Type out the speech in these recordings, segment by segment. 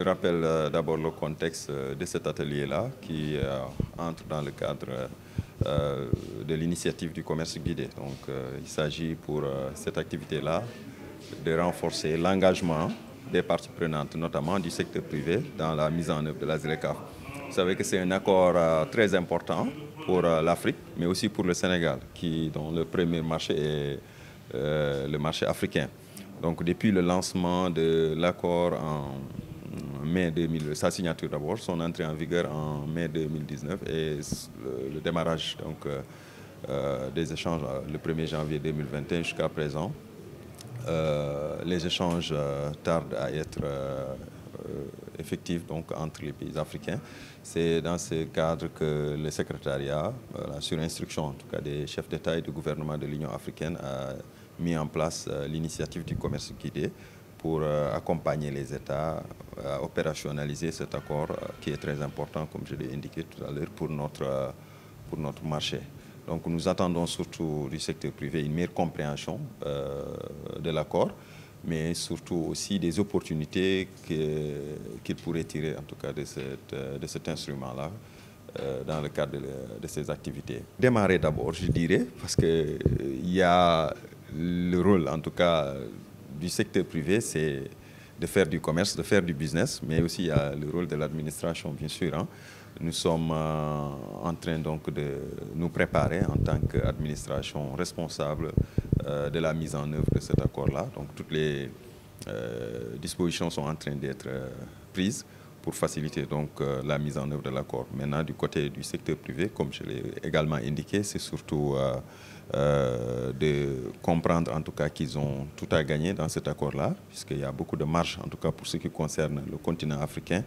Je rappelle euh, d'abord le contexte euh, de cet atelier-là qui euh, entre dans le cadre de l'initiative du commerce guidé. Donc, il s'agit pour cette activité-là de renforcer l'engagement des parties prenantes, notamment du secteur privé, dans la mise en œuvre de la ZRECA. Vous savez que c'est un accord très important pour l'Afrique, mais aussi pour le Sénégal, qui, dont le premier marché est le marché africain. Donc, depuis le lancement de l'accord en sa signature d'abord, son entrée en vigueur en mai 2019 et le, démarrage euh, euh, des échanges euh, le 1er janvier 2021 jusqu'à présent. les échanges tardent à être effectifs donc, entre les pays africains. C'est dans ce cadre que le secrétariat, sur instruction en tout cas des chefs d'État et du gouvernement de l'Union africaine, a mis en place l'initiative du commerce guidé pour euh, accompagner les États euh, à opérationnaliser cet accord euh, qui est très important, comme je l'ai indiqué tout à l'heure, pour notre, pour notre marché. Donc nous attendons surtout du secteur privé une meilleure compréhension de l'accord, mais surtout aussi des opportunités qu'il pourrait tirer en tout cas de, cette, de cet instrument-là dans le cadre de, ces ses activités. Démarrer d'abord, je dirais, parce qu'il y a le rôle en tout cas du secteur privé, c'est de faire du commerce, de faire du business, mais aussi il y a le rôle de l'administration, bien sûr. Hein. Nous sommes euh, en train donc de nous préparer en tant qu'administration responsable euh, de la mise en œuvre de cet accord-là. Donc toutes les euh, dispositions sont en train d'être prises pour faciliter donc la mise en œuvre de l'accord. Maintenant, du côté du secteur privé, comme je l'ai également indiqué, c'est surtout euh, de comprendre en tout cas qu'ils ont tout à gagner dans cet accord-là, puisqu'il y a beaucoup de marge, en tout cas pour ce qui concerne le continent africain.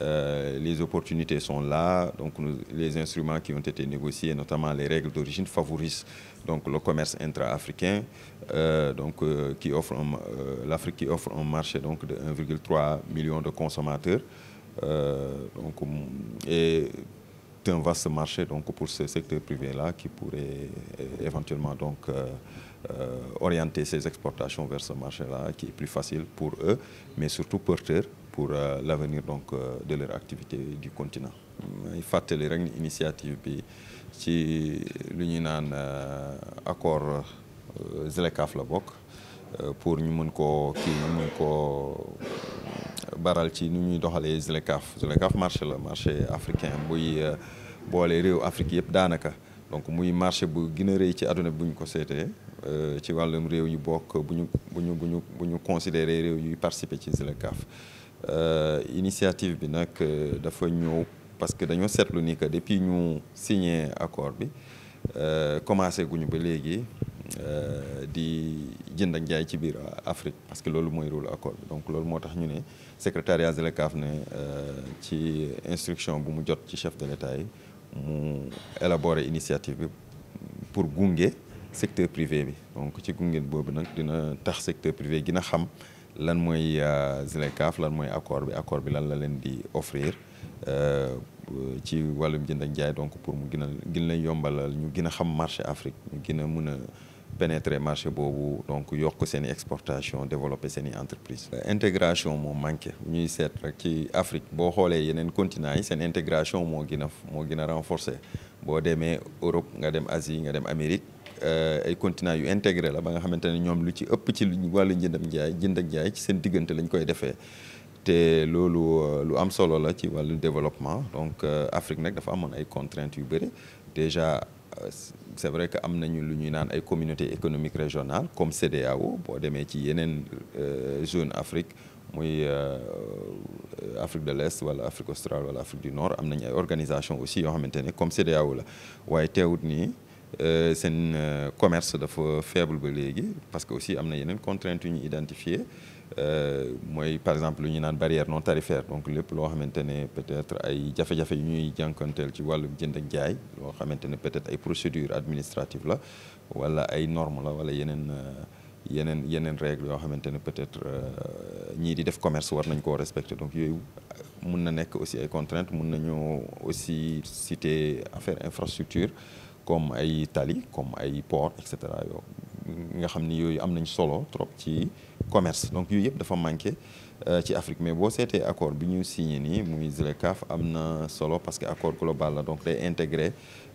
Euh, les opportunités sont là, donc les instruments qui ont été négociés, notamment les règles d'origine, favorisent donc le commerce intra-africain, euh, donc qui offre l'Afrique qui offre un marché donc de 1,3 million de consommateurs, donc, et un vaste marché donc, pour ce secteur privé-là qui pourrait euh, éventuellement donc, euh, euh, orienter ses exportations vers ce marché-là qui est plus facile pour eux, mais surtout porteur pour l'avenir donc, de leur activité du continent. Il faut que l'initiative initiative si ci lu ñuy accord pour nous mën que nous baral ci ni ñuy doxale ZLECAf ZLECAf marché la marché africain buy euh, bolé réew Afrique yépp danaka donc muy marché bu gën a ci aduna buñ ko sété euh, ci walum réew yu bokk bu ñu bu buñu bu ñu bu ñu considéré réew yuy participer ci ZLECAf euh, initiative bi nak dafa ñëw parce que dañu sétlu ni que depuis ñu signé accord bi euh commencé guñu ba légui euh, di jënd ak jaay ci biir Afrique parce que loolu mooy rôle accord donc loolu moo tax ñu ne secrétariat ZLECAf ne euh, ci instruction bu mu jot ci chef de l'État yi mu élaborer initiative bi pour gunge secteur privé bi donc ci gunge boobu nag dina tax secteur privé gën a xam lan moy euh, ZLECAf lan moy accord bi accord bi lan la leen di offrir euh ci walum jënd ak jaay donc pour mu gën a gën yombalal ñu gina xam marché Afrique ñu gina mëna mën pénétrer marché boobu donc yokk seen exportation développer seen entreprise intégration mo manqué ñuy sét rek ci Afrique bo xolé yeneen continent yi intégration mo gina mo gina renforcer bo démé Europe nga dem Asie nga dem Amérique euh, ay continent yu intégré la ba nga xamanteni ñom lu ci ëpp ci wàllu njëndam jaay jënd ak jaay ci sen digënté lañ koy défé té lolu euh, lu am solo la ci walu développement donc euh, Afrique nag dafa amone ay contraintes yu bëré déjà c'est vrai que nous avons une ay communauté économique régionale comme CDAO qui démé ci euh, zone Afrique euh, Afrique de l'Est wala Afrique australe wala Afrique du Nord nous ay organisation aussi comme CDAO. la un euh, commerce faible parce que aussi des yenen contraintes euh, moi par exemple lu ñu naan barrière non tarifaire donc le loo maintenir peut-être ay jafe-jafe yu ñuy jànkonteel ci wàllum jënd ak jaay loo xamante maintenir peut-être ay procédures administratives là wala ay normes y wala une euh, yeneen yeneen règles yoo xamante ne peut-être euh, ñii di def commerce war nañ koo respecter donc yooyu mun na nekk aussi ay contraintes mon nañoo aussi cité affaire infrastructure comme ay tali comme ay port etc nga xamni ni yooyu am nañ solo trop ci commerce donc yooyu yëpp dafa manqué euh, ci Afrique mais bo seetee accord bi ñu signé ni muy ZLECAf amna solo parce que accord global la donc day intégré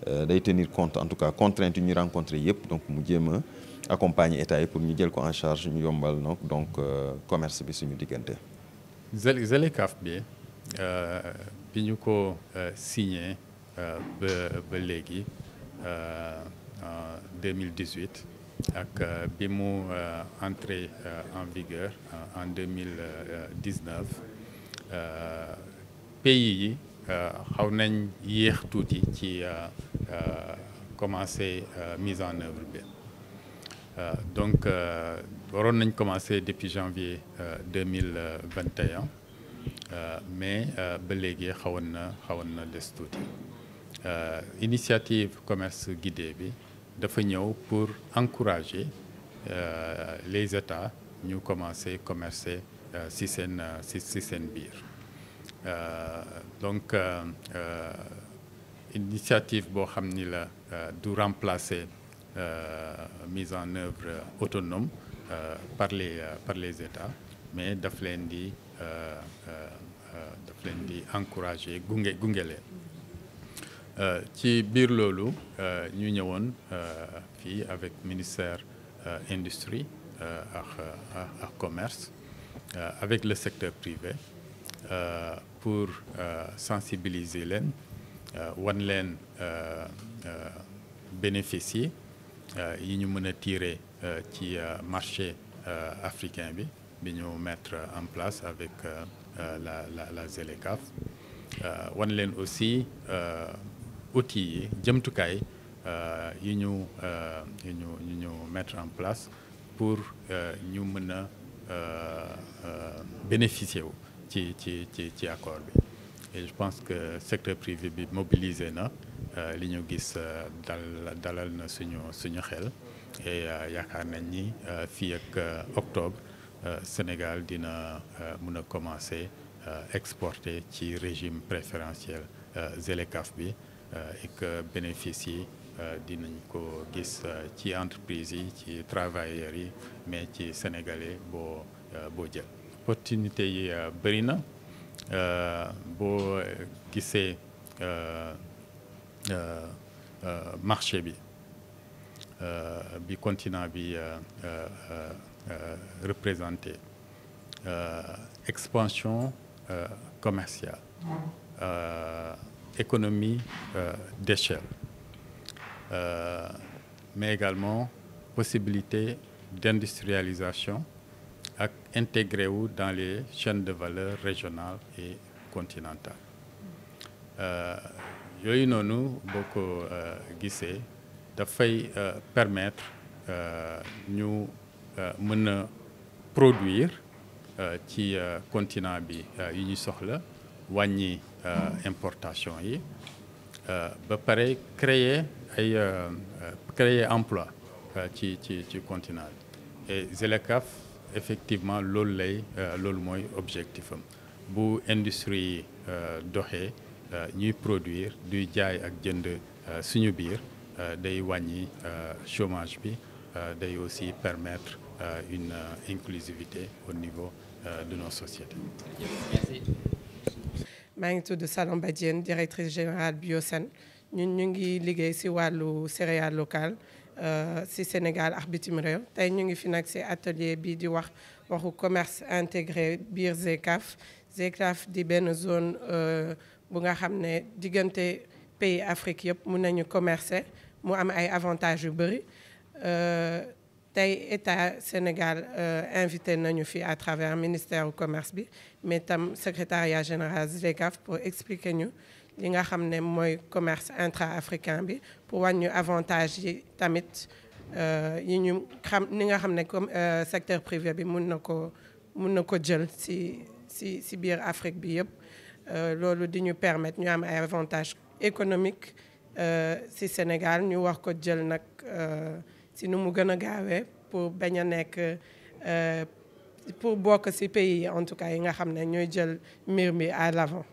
euh, day tenir compte en tout cas contraintes ñu rencontrer yëpp donc mu jema accompagner état pour ñu jël ko en charge ñu yombal nag donc euh, commerce bi suñu digënté ZLECAf bi bi ñu ko signé ba ba euh, en 2018 ak euh, bi est euh, entré euh, en vigueur en 2019 pays a commencé à mettre mise en œuvre donc on a commencé depuis janvier 2021 mais ba a a commencé à initiative commerce guidé pour encourager euh, les États à commencer à commercer ces euh, euh, donc initiative la remplacer mise en œuvre autonome par les par les États mais daf encourager euh, ci biir loolu euh, ñu ñëwoon euh, fii avec ministère industrie ak commerce avec le secteur privé pour sensibiliser les wan leen bénéficier yi ñu a tirer ci marché africain bi bi ñu mettre en place avec la la la aussi outils yi tout euh, yi ñu euh, ñu mettre en place pour euh, ñu euh, euh, bénéficier de ci accord et je pense que le secteur privé est mobilisé na li ñu gis dal na suñu suñu xel et yaakaar nañ ni octobre, ak octobre Sénégal a commencé à commencer exporter ci régime préférentiel Zélekafbi. bi euh, et que bénéficier euh, d'une gis euh, entreprise qui travailleurs mais ci sénégalais bo gens. jël opportunité yi bëri na le marché bi bi continent représenté expansion commerciale économie euh, d'échelle, euh, mais également possibilité d'industrialisation intégrée dans les chaînes de valeur régionales et continentales nous beaucoup beaucoup de de faire permettre euh, nous produire produire ci continent bi l'Union euh, importation yi euh, ba pare créer ay euh, créer emploi ci ci ci continent et ZLECAf effectivement loolu lay loolu moy objectif am bu industrie yi doxee ñuy produire du jaay ak jënd suñu biir day euh, chômage bi day aussi permettre une inclusivité au niveau de nos sociétés. Merci. Je de tudd Salom directrice générale Biosen Nous ñu ngi liggéey céréales locales euh, si Sénégal ak bitim réew tey ñu ngi fi nag commerce intégré bir ZECAF ZECAF est une zone euh, bu nga pays Afrique yëpp commercer mu am ay avantages yu euh, tay état Sénégal euh, invité nañu fi à travers ministère du commerce bi mais tam secrétariat général ZDECAf pour expliquer ñu li nga xamné moy commerce intra africain bi pour wàññi avantage yi tamit euh, yi ñu xam ni nga xamné comme euh, secteur privé bi mën nako mën nako jël ci ci ci biir Afrique bi yëpp euh, loolu di ñu permettre ñu am ay avantages économiques euh, si Sénégal ñu wax ko jël nak euh, si nous mu pour boire a euh, pour pays en tout cas yi nga à l'avant